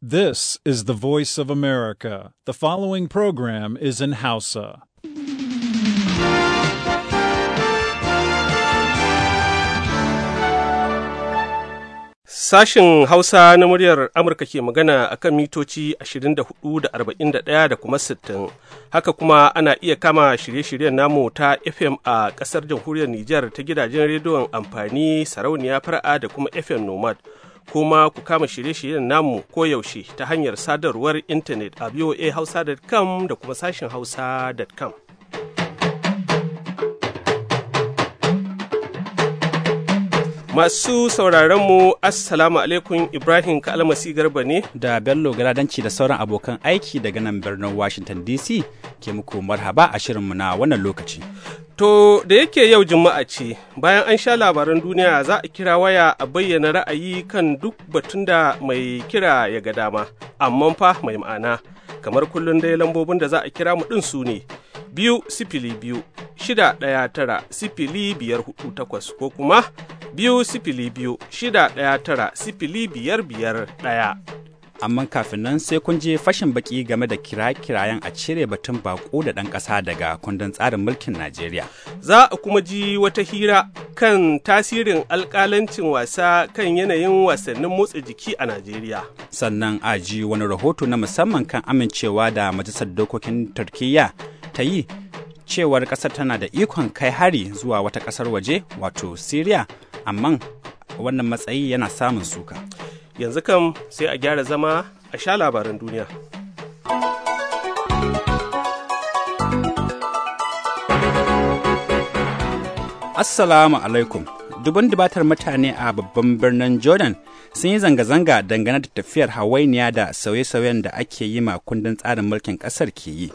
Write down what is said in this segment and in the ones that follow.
This is the voice of America. The following program is in Hausa. Sashen Hausa na muryar Amurka ke magana a kan mitoci 24 da 41 da kuma 60. Haka kuma ana iya kama shirye-shiryen namu ta FM a ƙasar jamhuriyar Nijar ta gidajen rediyon amfani sarauniya fara'a da kuma FM Nomad. kuma ku kama shirye-shiryen namu koyaushe ta hanyar sadarwar intanet a voahausa.com da kuma sashin hausa.com. Masu sauraron mu Assalamu alaikum Ibrahim Kalmasi Garba ne da Bello Galadanci da sauran abokan aiki daga nan birnin Washington DC ke muku marhaba a shirinmu na wannan lokaci. To da yake yau Juma'a ce, bayan an sha labaran duniya za a kira waya a bayyana ra'ayi kan duk batun da mai kira ya ga dama, amma fa mai ma'ana. Kamar kullum dai lambobin da za a kira mu ɗin su ne, biyu sifili biyu, shida ɗaya tara sifili biyar hudu takwas ko kuma biyu sifili biyu, shida ɗaya tara sifili biyar biyar ɗaya. amma kafin nan sai kun je fashin baki game da kira-kirayen a cire batun bako da ɗan ƙasa daga kundin tsarin mulkin Najeriya. Za a kuma ji wata hira kan tasirin alƙalancin wasa kan yanayin wasannin motsa jiki a Najeriya. Sannan a ji wani rahoto na musamman kan amincewa da Majalisar Dokokin Turkiyya ta yi cewar ƙasar tana da ikon kai hari zuwa wata ƙasar waje wato Siriya, amma wannan matsayi yana samun suka. yanzu kam sai a gyara zama a sha labaran duniya. Assalamu alaikum. Duban dubatar mutane a babban birnin Jordan sun yi zanga-zanga dangane da tafiyar hawainiya da sauye-sauyen da ake yi ma kundin tsarin mulkin ƙasar ke yi.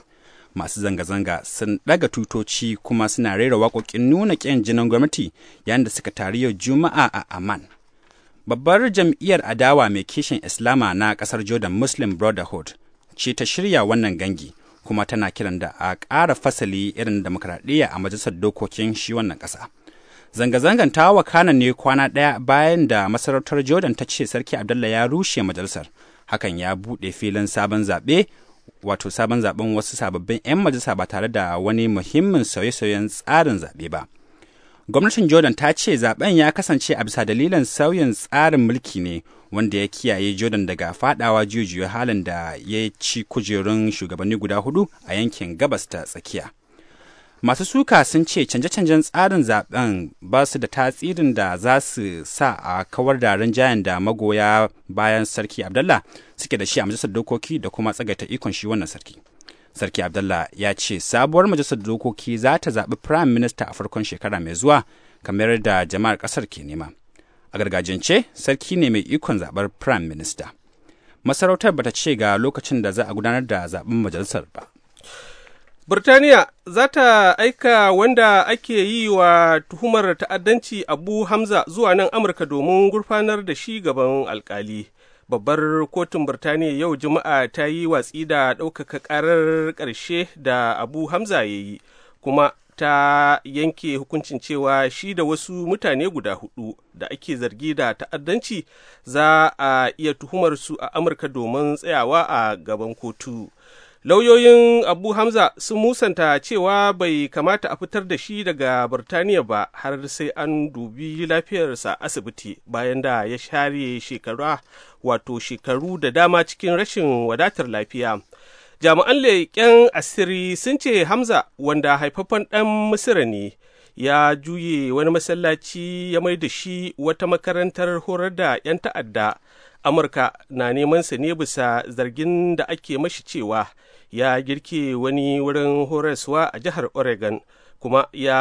masu zanga-zanga sun ɗaga tutoci kuma suna rera waƙoƙin nuna ƙin jinin gwamnati yayin da suka tari yau juma'a a amman Babbar jam'iyyar adawa mai kishin Islama na ƙasar Jordan Muslim Brotherhood ce ta shirya wannan gangi kuma tana kiran da a ƙara fasali irin demokradiyya a majalisar dokokin shi wannan ƙasa. Zanga-zangan ta wakana ne kwana ɗaya bayan da masarautar Jordan ta ce Sarki Abdullah ya rushe majalisar. Hakan ya buɗe filin sabon zaɓe wato sabon zaɓen wasu sababbin 'yan majalisa ba tare da wani muhimmin sauye-sauyen tsarin zaɓe ba. Gwamnatin Jordan ta ce zaben ya kasance a bisa dalilin sauyin tsarin mulki ne wanda ya kiyaye Jordan daga fadawa jujuya halin da ya ci kujerun shugabanni guda hudu a yankin gabas ta tsakiya. Masu suka sun ce canje-canjen tsarin zaben ba su da tasirin da za su sa a kawar da rinjayen da magoya bayan Sarki Abdullah suke da shi a majalisar dokoki da kuma tsagaita ikon shi wannan sarki. Sarki Abdullah ya ce sabuwar majalisar dokoki za ta zaɓi Prime Minister a farkon shekara mai zuwa kamar da jama'ar ƙasar ke nema. A gargajiyance sarki ne mai ikon zaɓar Prime Minister. Masarautar bata ce ga lokacin da za a gudanar da zaɓen majalisar ba. Birtaniya za ta aika wanda ake yi wa tuhumar ta'addanci Abu Hamza zuwa nan Amurka domin gurfanar da shi gaban alkali. babbar kotun birtaniya yau juma'a ta yi watsi da ɗaukaka ƙarar ƙarshe da abu hamza ya yi kuma ta yanke hukuncin cewa shi da wasu mutane guda hudu da ake zargi da ta'addanci za a iya tuhumarsu a amurka domin tsayawa a gaban kotu lauyoyin abu hamza sun musanta cewa bai kamata a fitar da shi daga birtaniya ba har sai an dubi lafiyarsa asibiti bayan da ya share shekara wato shekaru da dama cikin rashin wadatar lafiya jami'an leƙen asiri sun ce hamza wanda haifaffen ɗan misira ne ya juye wani masallaci ya mai da shi wata makarantar horar da 'yan ta'adda amurka na neman sa ne bisa zargin da ake mashi cewa ya girke wani wurin horaswa a jihar oregon kuma ya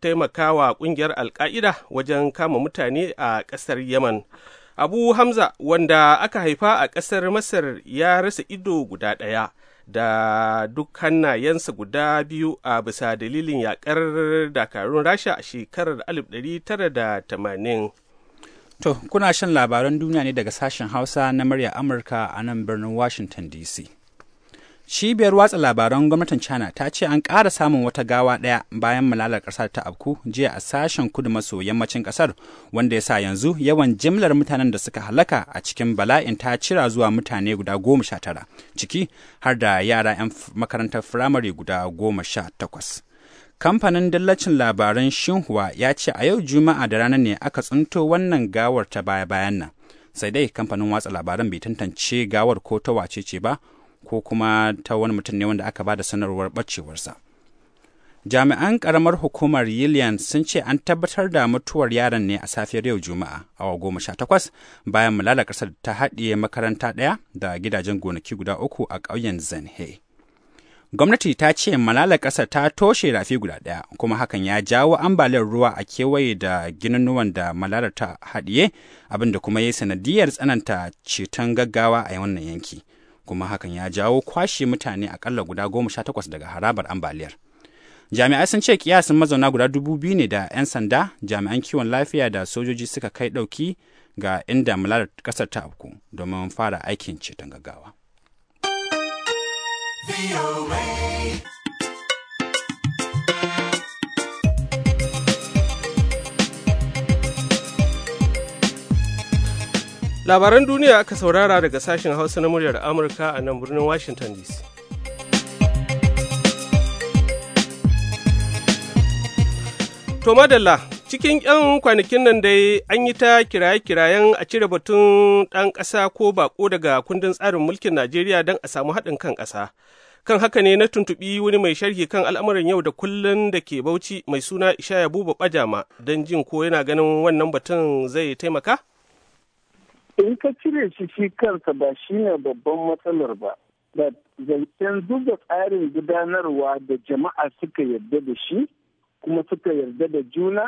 taimaka wa kungiyar alka'ida wajen kama mutane a ƙasar yaman abu hamza wanda aka haifa a ƙasar masar ya rasa ido guda ɗaya da duk hannayensa guda biyu a bisa dalilin yakar dakarun rasha a shekarar 1980 to kuna shan labaran duniya ne daga sashen hausa na murya amurka a nan birnin washington dc Cibiyar watsa labaran gwamnatin China ta ce an ƙara samun wata gawa ɗaya bayan malalar ƙasar ta afku jiya a sashen kudu maso yammacin ƙasar wanda ya sa yanzu yawan jimlar mutanen da suka halaka a cikin bala'in ta cira zuwa mutane guda goma sha tara ciki har da yara 'yan makarantar firamare guda goma sha takwas. Kamfanin dillacin labaran xinhua ya ce a yau Juma'a da rana ne aka tsinto wannan gawar ta baya-bayan nan. Sai dai kamfanin watsa labaran bai tantance gawar ko ta wace ce ba, ko kuma ta wani mutum ne wanda aka ba da sanarwar ɓacewarsa. Jami'an ƙaramar hukumar Yillian sun ce an tabbatar da mutuwar yaron ne a safiyar yau Juma'a, awa goma sha takwas bayan mulala ƙasar ta haɗiye makaranta ɗaya da gidajen gonaki guda uku a ƙauyen Zanhe. gwamnati ta ce malala ƙasa ta toshe rafi guda ɗaya kuma hakan ya jawo ambaliyar ruwa a kewaye da gininuwan da malala ta haɗiye abinda kuma ya yi sanadiyar tsananta ceton gaggawa a wannan yanki kuma hakan ya jawo kwashe mutane akalla guda goma sha takwas daga harabar ambaliyar jami'ai sun ce kiyasin mazauna guda dubu biyu ne da 'yan sanda jami'an kiwon lafiya da sojoji suka kai ɗauki ga inda mular ƙasar ta afku domin fara aikin ceton gaggawa. labaran duniya aka saurara daga sashen hausa na muryar amurka a nan birnin washington dc to madalla cikin 'yan kwanakin nan dai an yi ta kiraye-kirayen a cire batun ɗan ƙasa ko bako daga kundin tsarin mulkin najeriya don a samu haɗin kan ƙasa kan haka ne na tuntuɓi wani mai sharhi kan al'amuran yau da kullun da ke bauchi mai suna ishaya buba bajama don jin ko yana ganin wannan batun zai taimaka in ka cire shi shi kansa ba shi ne babban matsalar ba da zancen zuba tsarin gudanarwa da jama'a suka yarda da shi kuma suka yarda da juna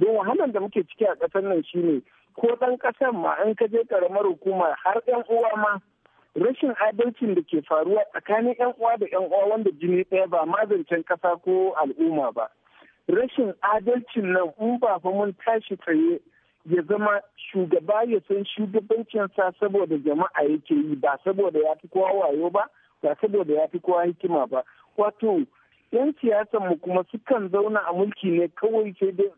don wahalar da muke ciki a ƙasar nan shi ne ko ɗan ƙasar ma in ka je ƙaramar hukuma har 'yan uwa ma rashin adalcin da ke faruwa tsakanin 'yan uwa da 'yan uwa wanda jini ɗaya ba mazancen ƙasa ko al'umma ba rashin adalcin nan in ba fa mun tashi tsaye ya zama shugaba ya san shugabancinsa saboda jama'a yake yi ba saboda ya fi kowa wayo ba ba saboda ya fi kowa hikima ba wato yan siyasan mu kuma sukan zauna a mulki ne kawai sai dai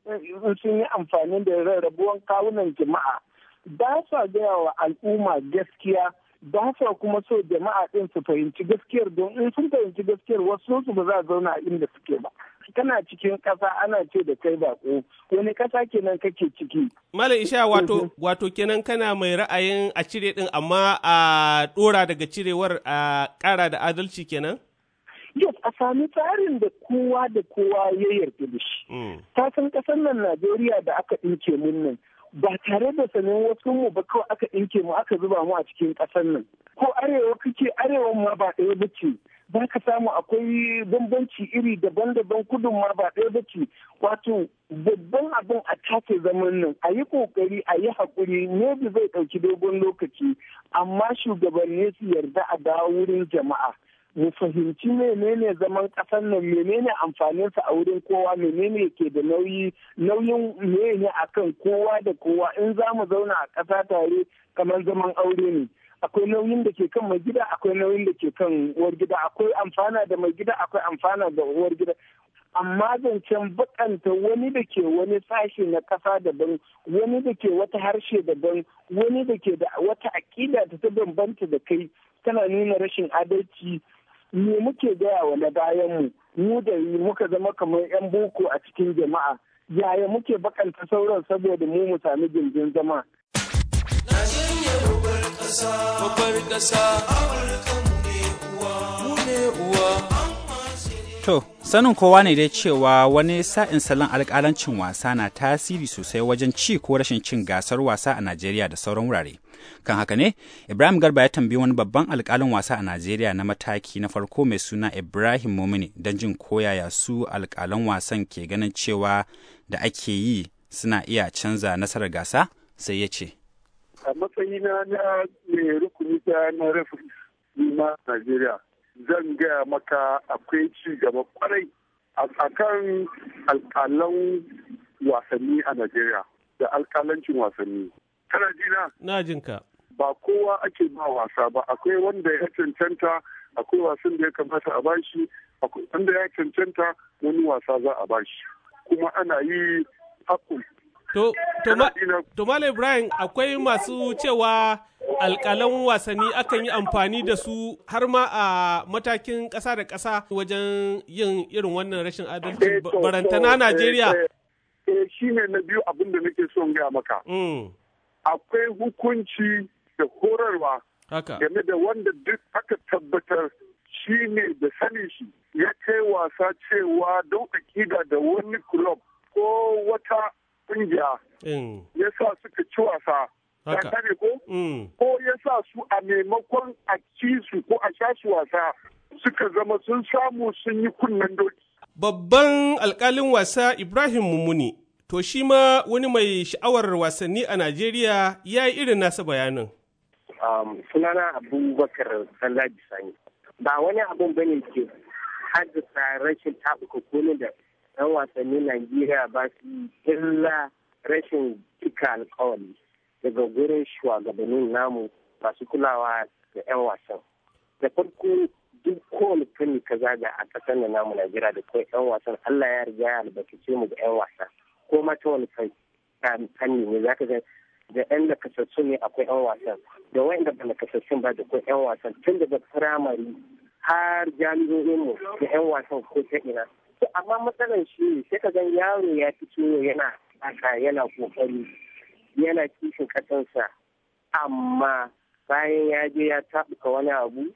sun yi amfani da rarrabuwan kawunan jama'a ba sa gaya wa al'umma gaskiya da haka kuma so jama'a din su fahimci gaskiyar don in sun fahimci gaskiyar wasu su ba za a zauna a inda suke ba kana cikin ƙasa ana ce da kai bako wani kasa kenan kake ciki malam isha wato wato kenan kana mai ra'ayin a cire din amma a dora daga cirewar a ƙara da adalci kenan yes a sami tsarin da kowa da kowa ya yarda da shi ta mm. san ƙasar nan najeriya da aka ɗinke mun nan ba tare da sanin wasu mu ba kawai aka inke mu aka zuba mu a cikin ƙasar nan ko arewa kake arewa ma ba ɗaya ba ce za ka samu akwai bambanci iri daban-daban kudun ma ba ɗaya ba ce wato babban abin a take zaman nan a yi ƙoƙari a yi haƙuri ne zai ɗauki dogon lokaci amma shugabanni su yarda a dawo wurin jama'a mu fahimci menene zaman ƙasar nan menene amfaninsa a wurin kowa menene ke da nauyi nauyin menene akan kowa da kowa in za mu zauna a ƙasa tare kamar zaman aure ne akwai nauyin da ke kan mai gida akwai nauyin da ke kan uwar gida akwai amfana da mai gida akwai amfana da uwar gida amma zancen bakanta wani da ke wani sashe na kasa daban wani da ke wata harshe daban wani da ke da wata aƙida ta ta bambanta da kai tana nuna rashin adalci mu muke gaya wa na bayan mu da yi muka zama kamar 'yan boko a cikin jama'a yaya muke bakanta sauran saboda mu mu sami gindin zama. To, sanin kowa ne dai cewa wani sa'in salon alƙalancin wasa na tasiri sosai wajen ci ko rashin cin gasar wasa a Najeriya da sauran wurare. kan haka ne ibrahim garba ya tambayi wani babban alkalin wasa a najeriya na mataki na farko mai suna ibrahim momini don jin koyaya su alkalan wasan ke ganin cewa da ake yi suna iya canza nasarar gasa sai ya ce a matsayina na mai rukuni ta na referee na najeriya zan gaya maka akwai ci gaba kwarai a kan alkalan wasanni a Najeriya da alkalancin wasanni. Kana jina? Na jinka. Ba kowa ake ba wasa ba, akwai wanda ya cancanta, akwai wasan da ya kamata a bashi, akwai wanda ya cancanta wani wasa za a bashi. Kuma ana yi hakun. To, to, Malam Ibrahim akwai masu cewa alƙalan wasanni akan yi amfani da su har ma a matakin ƙasa da ƙasa wajen yin irin wannan rashin adalci eh, barantana eh, Najeriya. Eh, shi ne na biyu abin da nake son gaya maka. Mm. akwai hukunci da horarwa game da wanda duk aka tabbatar shi ne da sanin shi ya kai wasa cewa don akida da wani club ko wata ƙungiya ya sa suka ci wasa ya ko mm. ko ya sa su a maimakon a ci su ko a sha su wasa suka zama sun samu sun yi kunnen doki babban alkalin wasa ibrahim mummuni To shi ma wani mai sha'awar wasanni a Najeriya ya yi irin nasa bayanin. Um, sunana Abubakar Sallaji Sani. Ba wani abun bane ke haddasa rashin taɓuka kone da ɗan wasannin Najeriya ba su illa rashin cika alkawari daga gurin shugabannin namu masu kulawa da 'yan wasan. Da farko duk kowane fanni ka zaga a ƙasar da namu Najeriya da kuma 'yan wasan Allah ya riga ya albarkace mu da 'yan wasa. ko ma ta wani fanni ne za ka ga da 'yan nakasassu ne akwai 'yan wasan da wa'inda da nakasassun ba da kuma 'yan wasan tun daga firamare har jami'o'in mu da 'yan wasan ko ta ina to amma matsalar shi ne sai ka gan yaro ya fi fito yana aka yana kokari yana kishin kasansa amma bayan ya je ya tabuka wani abu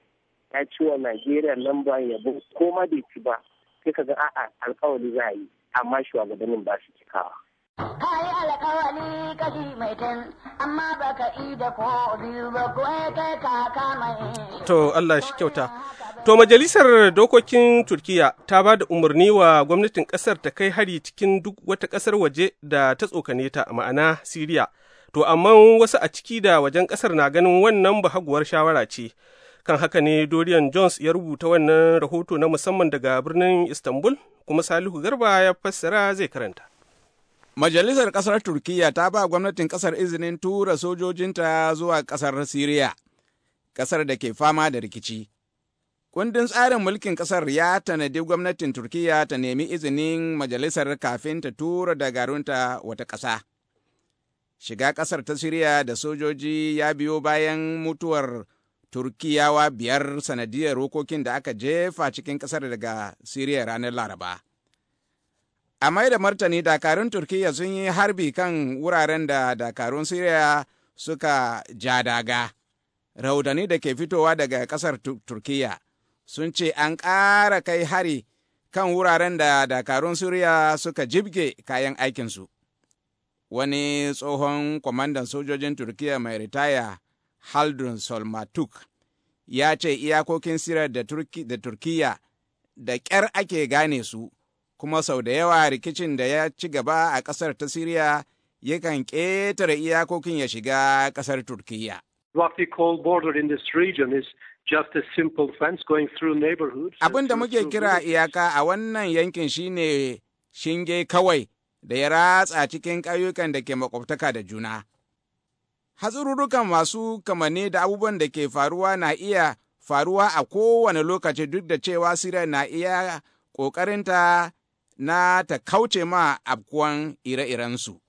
ya ci wa Najeriya lamba yabo ko ma bai ci ba sai ka ga a'a alkawari za a yi amma shugabannin ba su cikawa. Kayi ka kashi mai tin, amma baka yi da ko biyu ba ko kai kaka mai. To Allah shi kyauta. To Majalisar Dokokin Turkiya ta ba da umarni wa gwamnatin ƙasar ta kai hari cikin duk wata ƙasar waje da ta tsokane ta ma'ana Siriya. To amma wasu a ciki da wajen ƙasar na ganin wannan bahaguwar shawara ce. Kan haka ne Dorian Jones ya rubuta wannan rahoto na musamman daga birnin Istanbul kuma Salihu Garba ya fassara zai karanta. Majalisar ƙasar Turkiyya ta ba gwamnatin ƙasar izinin tura sojojinta zuwa ƙasar Siriya, ƙasar da ke fama da rikici. Kundin tsarin mulkin ƙasar ya tanadi gwamnatin Turkiyya ta nemi izinin majalisar kafin ta tura dagarunta wata ƙasa. Shiga ƙasar ta Siriya da sojoji ya biyo bayan mutuwar turkiyawa biyar sanadiyar rokokin da aka jefa cikin ƙasar daga siriya ranar laraba a mai da martani dakarun turkiyya sun yi harbi kan wuraren da dakarun siriya suka ja daga raudani da ke fitowa daga ƙasar turkiyya sun ce an ƙara kai hari kan wuraren da dakarun siriya suka jibge kayan aikinsu. Wani tsohon kwamandan sojojin Turkiyya mai ritaya haldun solmatuk ya ce iyakokin sirar da turkiya da ƙyar ake gane su kuma sau da yawa rikicin da ya ci gaba a ƙasar ta siriya yakan ƙetare iyakokin ya shiga ƙasar turkiya What we call border in this is just a simple fence going through neighborhoods. Abin da muke kira iyaka a wannan yankin shine shinge kawai da ya ratsa cikin ƙauyukan da ke makwabtaka da juna. Hatsururrukan masu kamanni da abubuwan da ke faruwa na iya faruwa a kowane lokaci duk da cewa Siriya na iya ƙoƙarinta na ta kauce ma abkuwan ire-irensu.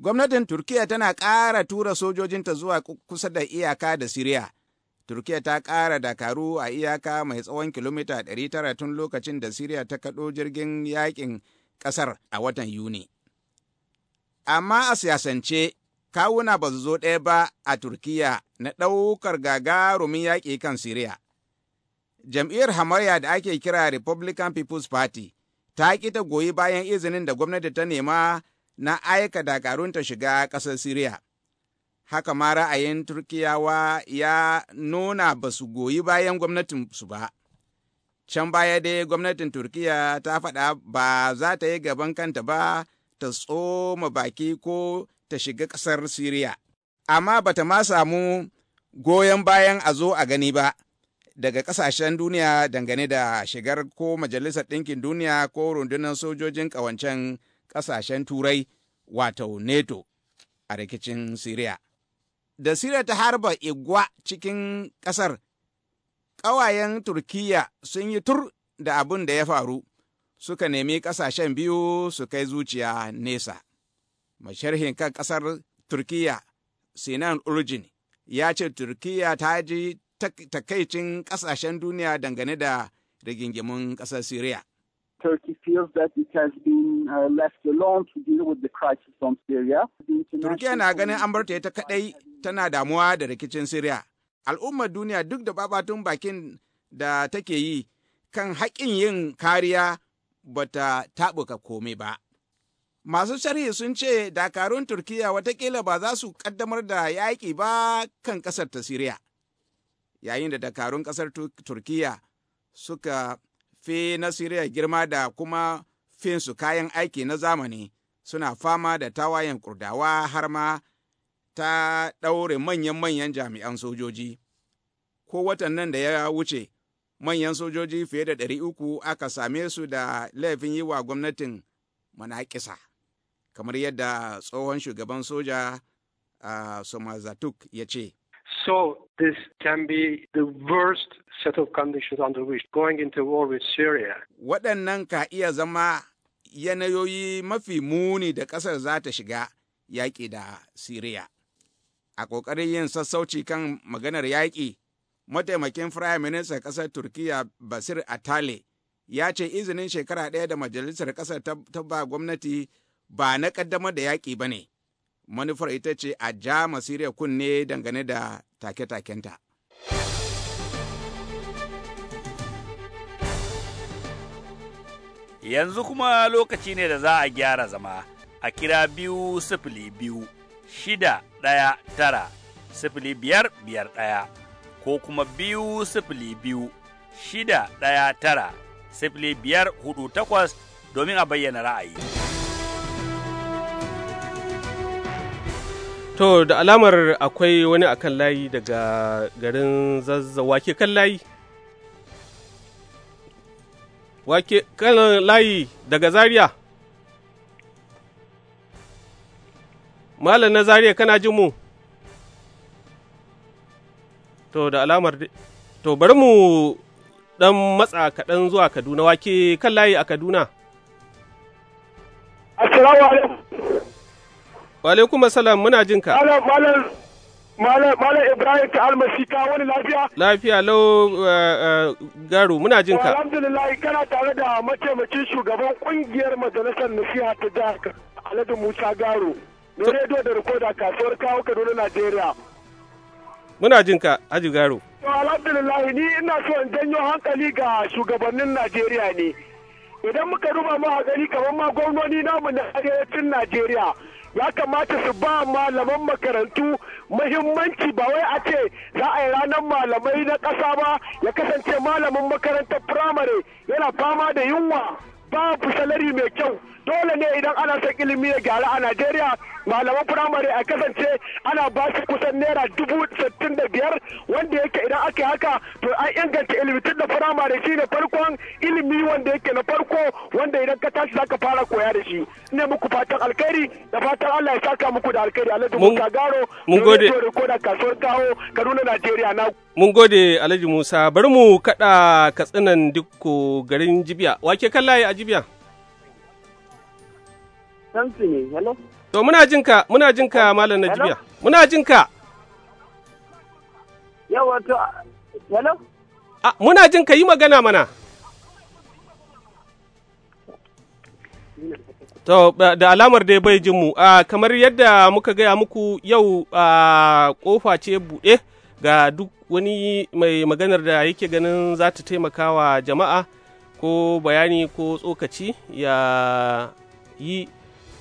Gwamnatin Turkiyya tana ƙara tura sojojinta zuwa kusa da iyaka da Siriya. Turkiyya ta ƙara dakaru a iyaka mai tsawon kilomita 900 tun lokacin da Siriya ta kaɗo jirgin yaƙin ƙasar a watan Yuni. Amma a siyasance, kawuna ba su zo ɗaya ba a Turkiyya na ɗaukar gagarumin yaƙi kan Siriya. Jam'iyyar hamayya da ake kira Republican People's Party ta ƙi ta goyi bayan izinin da gwamnati ta nema na aika dakarun ta shiga ƙasar Siriya. Haka ma ra'ayin Turkiyawa ya nuna ba su goyi bayan gwamnatin su ba. Can baya dai gwamnatin Turkiyya ta faɗa ba za ta yi gaban kanta ba ta tsoma baki ko ta shiga ƙasar Siriya. Amma ba ta ma samu goyon bayan a zo a gani ba daga ƙasashen duniya dangane da shigar ko Majalisar Ɗinkin Duniya ko rundunar sojojin ƙawancen ƙasashen Turai wato NATO a rikicin Siriya. Da Siriya ta harba igwa cikin ƙasar, ƙawayen Turkiyya sun yi tur da abin da ya faru, suka nemi ƙasashen biyu su kai zuciya nesa. masharhin kan ƙasar turkiyya sinan urjin ya ce turkiya ta ji takaicin ƙasashen duniya dangane da rigingimin ƙasar uh, syria turkiyya Turkiya na ganin an bar ta kadai tana damuwa da rikicin Syria. Al'ummar duniya duk da babatun bakin da take yi kan haƙƙin yin kariya bata taɓuka komai ba. Masu sharhi sun ce dakarun Turkiyya watakila ba za su kaddamar da yaƙi ba kan ƙasar ta Siriya. Yayin da dakarun ƙasar Turkiyya suka fi na Siriya girma da kuma finsu kayan aiki na zamani suna fama da tawayen kurdawa har ma ta ɗaure manyan-manyan jami'an sojoji. Ko watan nan da ya wuce, manyan sojoji fiye da ɗari uku aka same su da laifin yi wa gwamnatin manaƙisa. kamar yadda tsohon shugaban soja a ah, Somazatuk ya ce. So this can be the worst set of conditions under which going into war with Syria. Waɗannan ka iya zama yanayoyi mafi muni da ƙasar za ta shiga yaƙi da syria A ƙoƙarin yin sassauci kan maganar yaƙi, mataimakin Firayim Ministan ƙasar Turkiyya Basir Atale ya ce izinin shekara ɗaya da majalisar ƙasar ta ba gwamnati ba na ƙaddamar da yaƙi ba ne, manufar ita ce a ja Masiriya kunne dangane da take-takenta. Yanzu kuma lokaci ne da za a gyara zama, a kira biyu sifili biyu, shida ɗaya tara, sifili biyar biyar ɗaya, ko kuma biyu sifili biyu, shida ɗaya tara, sifili biyar hudu takwas domin a bayyana ra'ayi. To da alamar akwai wani akan layi daga garin zazza wake kan layi. Wake kan layi daga Zaria. Malam na Zaria kana jin mu? To da alamar to bari mu dan matsa kaɗan zuwa Kaduna wake kan layi a Kaduna. Assalamu alaikum. Wa alaikum salam muna jin ka. Malam Malam Ibrahim ka almasi ka wani lafiya? Lafiya lau eh, eh, garu muna jin ka. Alhamdulillah kana tare da mataimakin shugaban kungiyar majalisar nufiya ta jihar Alhaji Musa garu Na rediyo da rikoda kasuwar kawo Kaduna Najeriya. Muna jin ka Haji Garu. Alhamdulillah ni ina so in janyo hankali ga shugabannin Najeriya ne. Idan muka duba mu a gari kamar ma gwamnoni namu na arewacin Najeriya. ya kamata su ba malaman makarantu muhimmanci ba wai a ce za a yi ranar malamai na ƙasa ba ya kasance malamin makarantar firamare yana fama da yunwa babu salari mai kyau dole ne idan ana son ilimi ya gyara a Najeriya malaman firamare a kasance ana ba su kusan naira dubu sittin da biyar wanda yake idan aka haka to an inganta ilimi tun da firamare shi ne farkon ilimi wanda yake na farko wanda idan ka tashi zaka fara koya da shi ne muku fatan alkhairi da fatan Allah ya saka muku da alkhairi Alhaji Musa Garo mun gode da kasuwar kawo Kaduna Najeriya na mun gode Alhaji Musa bari mu kada katsinan dukko garin Jibiya wake kallaye a Jibiya ne, hello? To muna jin ka, muna jin ka Malam Najibiya. Muna jin ka. Yawa to, hello? Ah, muna jin ka yi magana mana. To, da alamar dai bai jinmu, kamar yadda muka gaya muku yau a kofa ce buɗe ga duk wani mai maganar da yake ganin za ta taimaka wa jama'a ko bayani ko tsokaci ya yi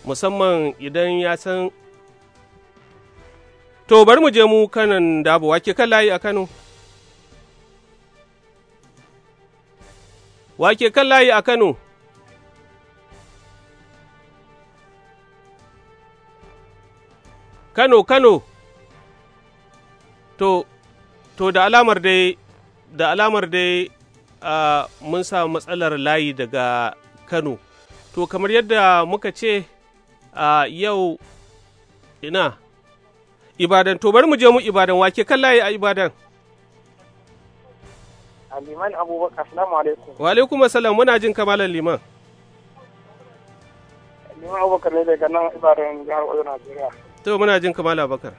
musamman idan ya san to bari mu je mu kanan dabo ke kan layi a kano wake kan layi a kano kano kano to to da alamar dai da alamar dai uh, mun samu matsalar layi daga kano to kamar yadda muka ce a yau ina ibadan to bari mu je mu ibadan wake kan layi a ibadan liman abubakar salamu alaikum wa alaikum assalam muna jin kamalan liman liman abubakar ne daga nan ibadan jihar oyo najeriya to muna jin kamala bakar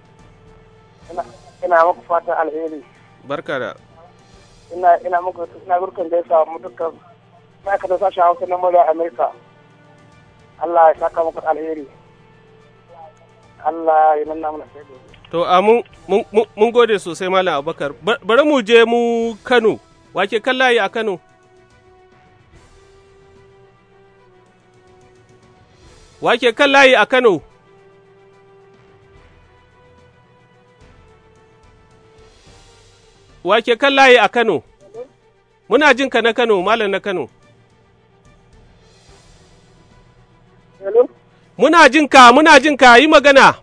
ina muku fatan alheri barka da ina ina muku ina gurkan gaisa mu dukkan da sashen hausa na mura amerika Allah ya saka muku alheri Allah ya nuna mana sai to a mun gode sosai malam abubakar bari mu je mu kano wake layi a kano wake layi a kano wake kan layi a Kano, muna jin ka na Kano, malam na Kano. Muna jin ka, muna jin ka, yi magana.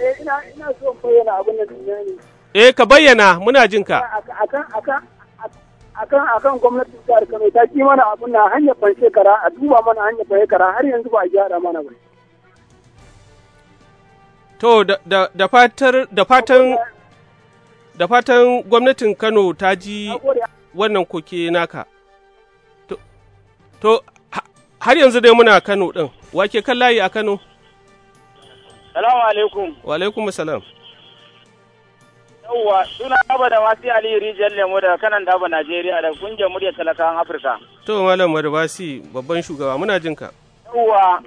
Eh, ina ina so bayyana abin da ne. Eh, ka bayyana, muna jin ka. Akan akan akan akan gwamnatin jihar Kano ta ki mana abin na hanyar ban shekara a duba mana hanyar ban shekara har yanzu ba a gyara mana ba. To da fatar da fatan da fatan gwamnatin Kano ta ji wannan koke naka. To har yanzu dai muna Kano ɗin, wake kan layi a Kano? Salamu alaikum. Wa alaikum salam. Yawwa, suna Daba da Wasi Ali Rijiyar Lemo daga kanan Daba Najeriya da kungiyar murya talakawan Afirka. To, Malam Wadabasi, babban shugaba, muna jin ka. Yawwa,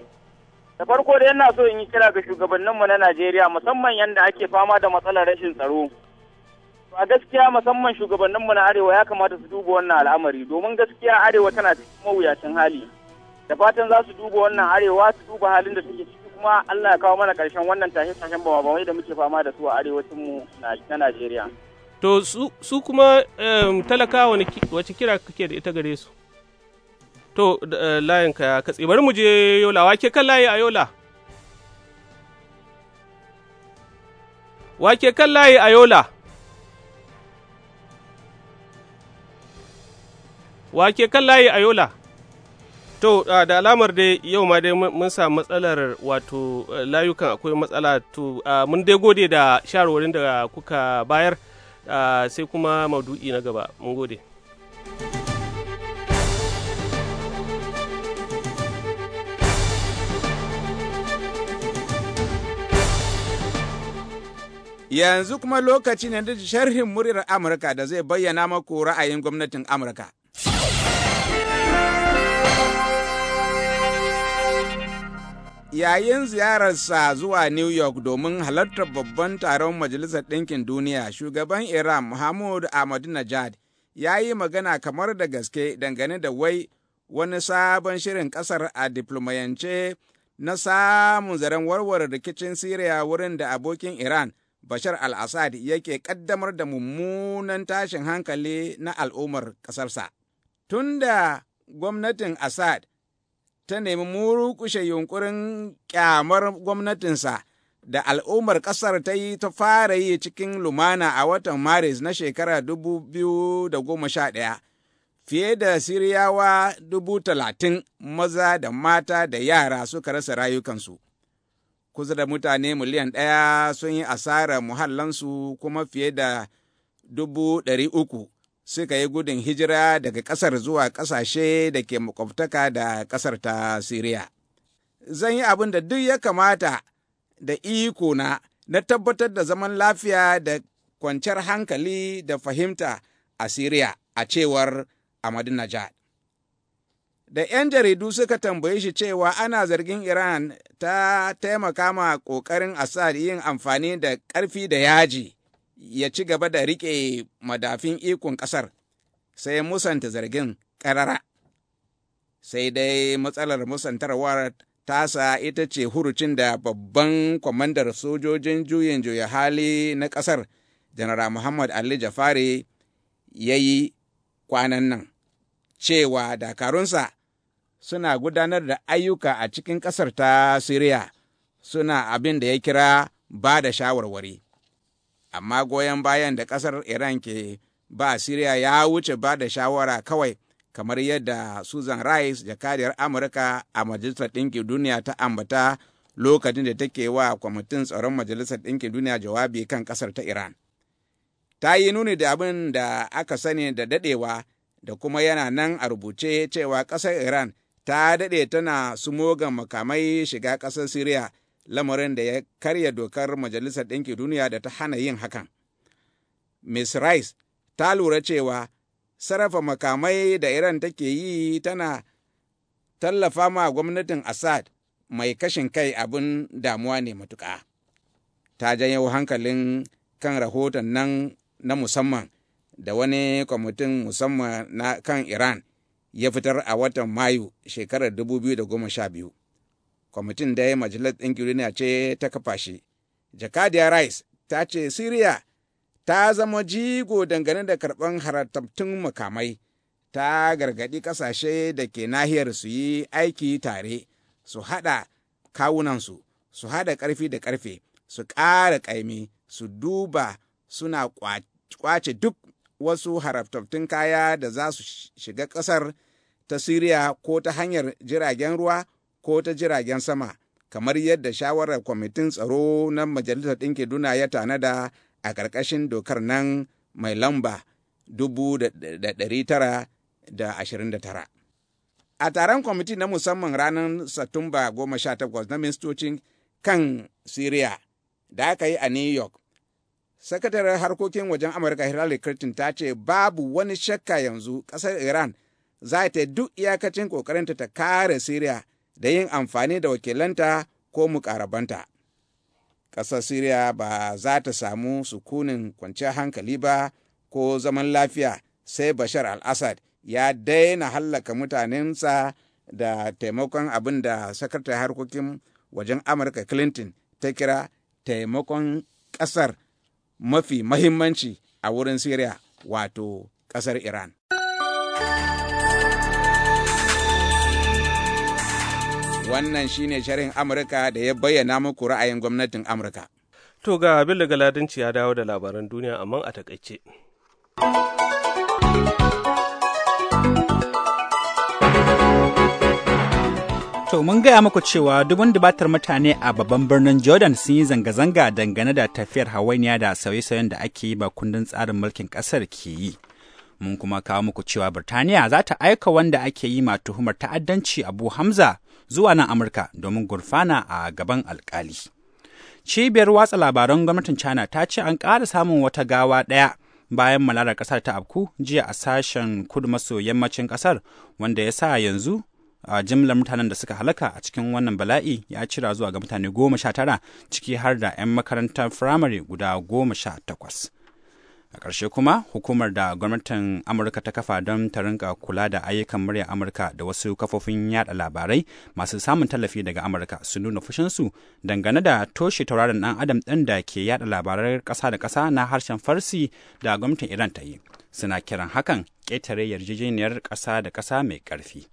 da farko da yana so in yi kira ga shugabanninmu na Najeriya musamman yadda ake fama da matsalar rashin tsaro. a gaskiya musamman shugabanninmu na arewa ya kamata su duba wannan al'amari domin gaskiya arewa tana cikin mawuyacin hali da fatan za su duba wannan arewa su duba halin da suke ciki kuma Allah ya kawo mana karshen wannan tashe tashen bama-bamai da muke fama da su a arewacin mu na Najeriya. To su kuma talakawa wace kira kake da ita gare su? To eh, layin ka katse bari mu je Yola wake kan layi a Yola. Wake kan layi a Yola. Wake kan layi a Yola. To da alamar dai yau ma dai mun samu matsalar wato eh, layukan akwai matsala to mun dai gode da shawarwarin da kuka bayar sai kuma maudu'i na gaba mun gode. Yanzu kuma lokaci ne da sharhin muryar Amurka da zai bayyana maku ra'ayin gwamnatin Amurka. yayin ziyararsa zuwa New York domin halartar babban taron Majalisar Ɗinkin Duniya, shugaban Iran Muhammad Ahmadinejad ya yi magana kamar da gaske dangane da wai wani sabon shirin ƙasar a diplomayance na samun zaren warware rikicin Siriya wurin da abokin Iran Bashar al-Assad yake ƙaddamar da mummunan tashin hankali na al'ummar ƙasarsa. Tunda gwamnatin Assad ta nemi murƙushe yunkurin ƙyamar gwamnatinsa da al'ummar ƙasar ta yi ta fara yi cikin lumana a watan maris na shekara 2011 fiye da siriyawa talatin maza da mata da yara suka rasa rayukansu kusa da mutane miliyan ɗaya sun yi asarar muhallansu kuma fiye da dubu ɗari uku suka yi gudun hijira daga ƙasar zuwa ƙasashe da ke makwabtaka da ƙasar ta Siriya. Zan yi abin da duk ya kamata da iko na na tabbatar da zaman lafiya da kwanciyar hankali da fahimta a Siriya a cewar Ahmadu Najat. Da 'yan jaridu suka tambaye shi cewa ana zargin Iran ta taimaka ma ƙoƙarin Assad yin amfani da ƙarfi da yaji ya ci gaba da riƙe madafin ikon ƙasar sai musanta zargin ƙarara. Sai dai matsalar musantarwar sa ita ce hurucin da babban kwamandar sojojin juyin juya hali na ƙasar Janara Muhammad Ali Jafari ya yi kwanan nan, cewa dakarunsa suna gudanar da ayyuka a cikin ƙasar ta Siriya suna abin da ya kira ba da shawarwari. amma goyon bayan da ƙasar iran ke ba siriya ya wuce ba da shawara kawai kamar yadda susan rice jakadiyar amurka a majalisar ɗinkin duniya ta ambata lokacin da take wa kwamitin tsaron majalisar ɗinkin duniya jawabi kan ƙasar ta iran ta yi nuni da abin da aka sani da daɗewa da kuma yana nan a rubuce cewa ƙasar iran ta daɗe tana sumogan makamai shiga ƙasar siriya lamarin da ya karya dokar Majalisar Ɗinki Duniya da ta hana yin hakan. Ms. Rice ta lura cewa sarrafa makamai da Iran take yi tana tallafa ma gwamnatin Assad mai kashin kai abin damuwa ne matuka. Ta janyo hankalin kan rahoton nan na musamman da wani kwamitin musamman na kan Iran ya fitar a watan Mayu shekarar 2012. kwamitin da ya majalar ɗin ce ta kafa shi jakadiya rice ta ce siriya ta zama jigo dangane da karɓar haratattun makamai ta gargaɗi ƙasashe da ke nahiyar su yi aiki tare su haɗa kawunansu su haɗa ƙarfi da ƙarfe su ƙara ƙaimi su duba suna ƙwace duk wasu haraftattun kaya da za su shiga ƙasar ta siriya ko ta hanyar jiragen ruwa ko ta jiragen sama kamar yadda shawarar kwamitin tsaro na majalisar ɗinki duna ya tanada a ƙarƙashin dokar nan mai lamba 1929. A taron kwamiti na musamman ranar Satumba 18 na ministocin kan syria da aka yi a New York, sakataren harkokin wajen Amurka Hillary Clinton ta ce babu wani shakka yanzu ƙasar Iran za ta duk iyakacin ƙoƙarinta ta kare syria. da yin amfani da wakilanta ko mukarabanta. Ƙasar Siriya ba za ta samu sukunin kwanciyar hankali ba ko zaman lafiya sai Bashar al-Assad ya daina hallaka mutanensa da taimakon abin da sakarta harkokin wajen Amurka Clinton ta kira taimakon ƙasar mafi mahimmanci a wurin Siriya wato ƙasar Iran. Wannan shine sharhin Amurka da ya bayyana muku ra'ayin gwamnatin Amurka. To ga Bello Galadanci ya dawo da labaran duniya amma a takaice. To mun gaya muku cewa dubun dubatar mutane a babban birnin Jordan sun yi zanga-zanga dangane da tafiyar hawainiya da sauye-sauyen da ake yi ba kundin tsarin mulkin ƙasar ke yi. mun kuma kawo muku cewa Birtaniya za ta aika wanda ake yi ma tuhumar ta'addanci Abu Hamza zuwa nan Amurka domin gurfana a gaban alkali. Cibiyar watsa labaran gwamnatin China ta ce an ƙara samun wata gawa ɗaya bayan malarar ƙasar ta afku jiya a sashen kudu maso yammacin ƙasar wanda ya sa yanzu a jimlar mutanen da suka halaka a cikin wannan bala'i ya cira zuwa ga mutane goma sha tara ciki har da 'yan makarantar firamare guda goma sha takwas. a ƙarshe kuma hukumar da gwamnatin amurka ta kafa don ta rinka kula da ayyukan murya amurka da wasu kafofin yada labarai masu samun tallafi daga amurka su nuna fushinsu dangane da toshe tauraron dan adam ɗin da ke yada labarai ƙasa da ƙasa na harshen farsi da gwamnatin iran ta yi suna kiran hakan ƙetare yarjejeniyar ƙasa da ƙasa mai ƙarfi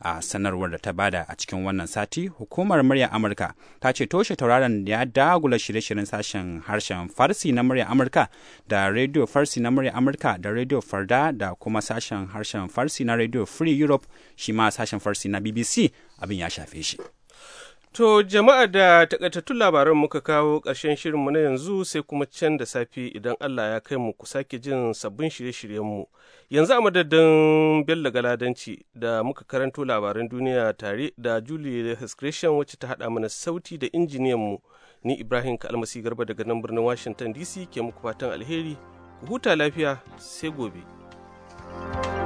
a sanarwar da ta bada a cikin wannan sati hukumar murya amurka ta ce toshe tauraron ya dagula shirye-shiryen sashen harshen farsi na murya amurka da radio farsi na murya amurka da radio farda da kuma sashen harshen farsi na radio free europe shi ma sashen farsi na bbc abin ya shafe shi To jama'a da takaitattu labaran muka kawo ƙarshen shirinmu na yanzu sai kuma can da safe idan Allah ya kai mu ku sake jin sabbin shirye-shiryenmu. Yanzu a madadin Bello Galadanci da muka karanto labaran duniya tare da Julie Hescretion wacce ta haɗa mana sauti da injiniyanmu ni Ibrahim Kalmasi Garba daga nan birnin Washington DC ke muku fatan alheri, ku huta lafiya sai gobe. thank you